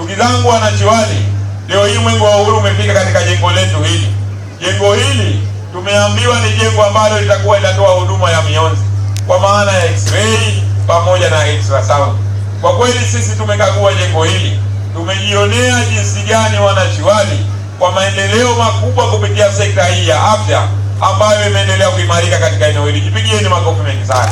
Ndugu zangu wanachiwani, leo hii mwenge wa uhuru umefika katika jengo letu hili. Jengo hili tumeambiwa ni jengo ambalo litakuwa linatoa huduma ya mionzi kwa maana ya x-ray pamoja na ultrasound. Kwa kweli sisi tumekagua jengo hili, tumejionea jinsi gani wanachiwani kwa maendeleo makubwa kupitia sekta hii ya afya ambayo imeendelea kuimarika katika eneo hili. Jipigieni makofi mengi sana.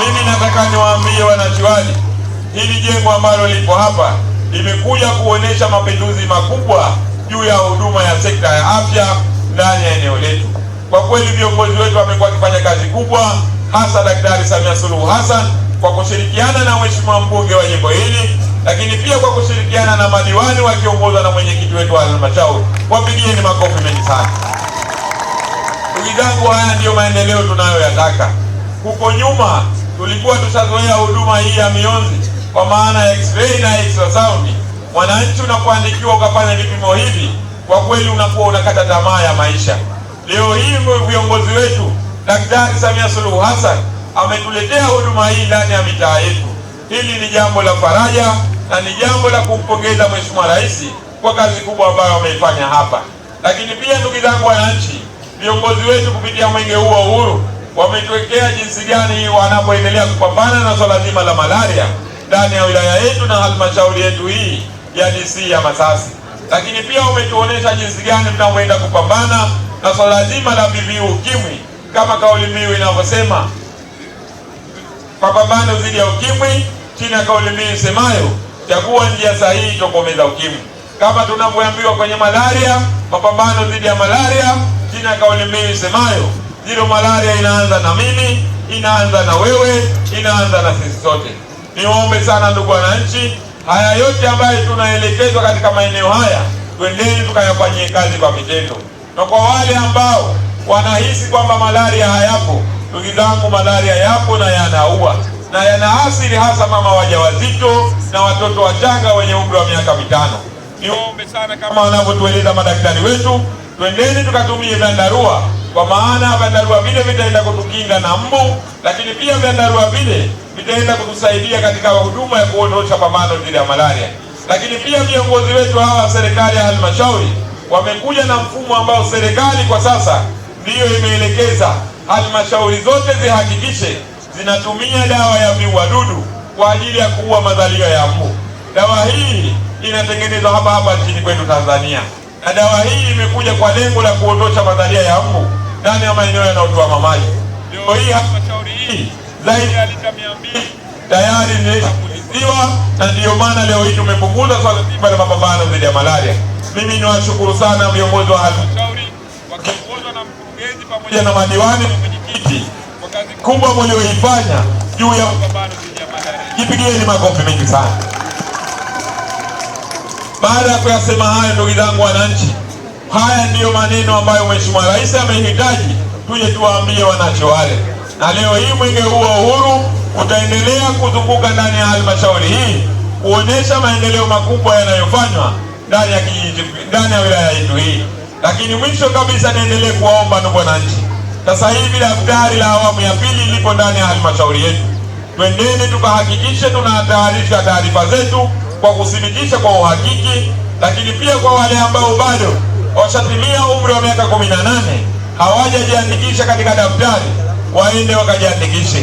Mimi nataka niwaambie wanachiwani Hili jengo ambalo lipo hapa limekuja kuonesha mapinduzi makubwa juu ya huduma ya sekta ya afya ndani ya eneo letu. Kwa kweli viongozi wetu wamekuwa wakifanya kazi kubwa, hasa Daktari Samia Suluhu Hassan kwa kushirikiana na mheshimiwa mbunge wa jimbo hili, lakini pia kwa kushirikiana na madiwani wakiongozwa na mwenyekiti wetu wa halmashauri. Wapigieni makofi mengi sana ndugu zangu. Haya ndiyo maendeleo tunayoyataka. Huko nyuma tulikuwa tushazoea huduma hii ya mionzi kwa maana ya x-ray na ultrasound, mwananchi unapoandikiwa ukafanya vipimo hivi, kwa kweli unakuwa unakata tamaa ya maisha. Leo hii viongozi wetu, Daktari Samia Suluhu Hassan ametuletea huduma hii ndani ya mitaa yetu. Hili ni jambo la faraja na ni jambo la kumpongeza Mheshimiwa Rais kwa kazi kubwa ambayo ameifanya hapa. Lakini pia ndugu zangu wananchi, viongozi wetu kupitia mwenge huu wa uhuru wametuwekea jinsi gani wanapoendelea kupambana na swala zima la malaria ndani ya wilaya yetu na halmashauri yetu hii ya DC ya Masasi, lakini pia umetuonesha jinsi gani mnavyoenda kupambana na swala zima la VVU ukimwi, kama kauli mbiu inavyosema mapambano dhidi ya ukimwi chini ya kauli mbiu isemayo chagua njia sahihi tokomeza ukimwi, kama tunavyoambiwa kwenye malaria, mapambano dhidi ya malaria chini ya kauli mbiu isemayo zero malaria, inaanza na mimi, inaanza na wewe, inaanza na sisi sote. Niombe sana ndugu wananchi, haya yote ambayo tunaelekezwa katika maeneo haya, twendeni tukayafanyie kazi kwa vitendo, na kwa wale ambao wanahisi kwamba malaria hayapo, ndugu zangu, malaria yapo na yanaua na asili hasa mama wajawazito na watoto wachanga wenye umri wa miaka mitano. niombe sana kama wanavyotueleza madaktari wetu, twendeni tukatumie vyandarua, kwa maana vyandarua vile vitaenda kutukinga na mbu, lakini pia vyandarua vile vitaenda kutusaidia katika huduma ya kuondosha pambano dhidi ya malaria. Lakini pia viongozi wetu hawa wa serikali ya halmashauri wamekuja na mfumo ambao serikali kwa sasa ndiyo imeelekeza halmashauri zote zihakikishe zinatumia dawa ya viuadudu kwa ajili ya kuua madhalio ya mbu. Dawa hii inatengenezwa hapa hapa nchini kwetu Tanzania, na dawa hii imekuja kwa lengo la kuondosha madhalia ya mbu ndani ya maeneo yanayotoa mamaji. Leo hii halmashauri hii zaidi ya lita mia mbili tayari imeshapuliziwa, na ndiyo maana leo hii tumepunguza swala zima la mapambano dhidi ya malaria. Mimi niwashukuru sana viongozi wa halmashauri wakiongozwa na mkurugenzi pamoja na madiwani na mwenyekiti kwa kazi kubwa mlioifanya juu ya mapambano dhidi ya malaria. Jipigieni makofi mengi sana. Baada ya kuyasema haya, ndugu zangu wananchi, haya ndiyo maneno ambayo Mheshimiwa Rais amehitaji tuje tuwaambie wananchi wale na leo hii mwenge huu wa uhuru utaendelea kuzunguka ndani ya halmashauri hii kuonyesha maendeleo makubwa yanayofanywa ndani ya kijiji, ndani ya wilaya yetu hii. Lakini mwisho kabisa, niendelee kuwaomba ndugu wananchi, sasa hivi daftari la awamu ya pili lipo ndani ya halmashauri yetu. Twendeni tukahakikishe tunatayarisha taarifa zetu kwa kuthibitisha kwa uhakiki, lakini pia kwa wale ambao bado washatimia umri wa miaka kumi na nane hawajajiandikisha katika daftari waende wakajiandikishe.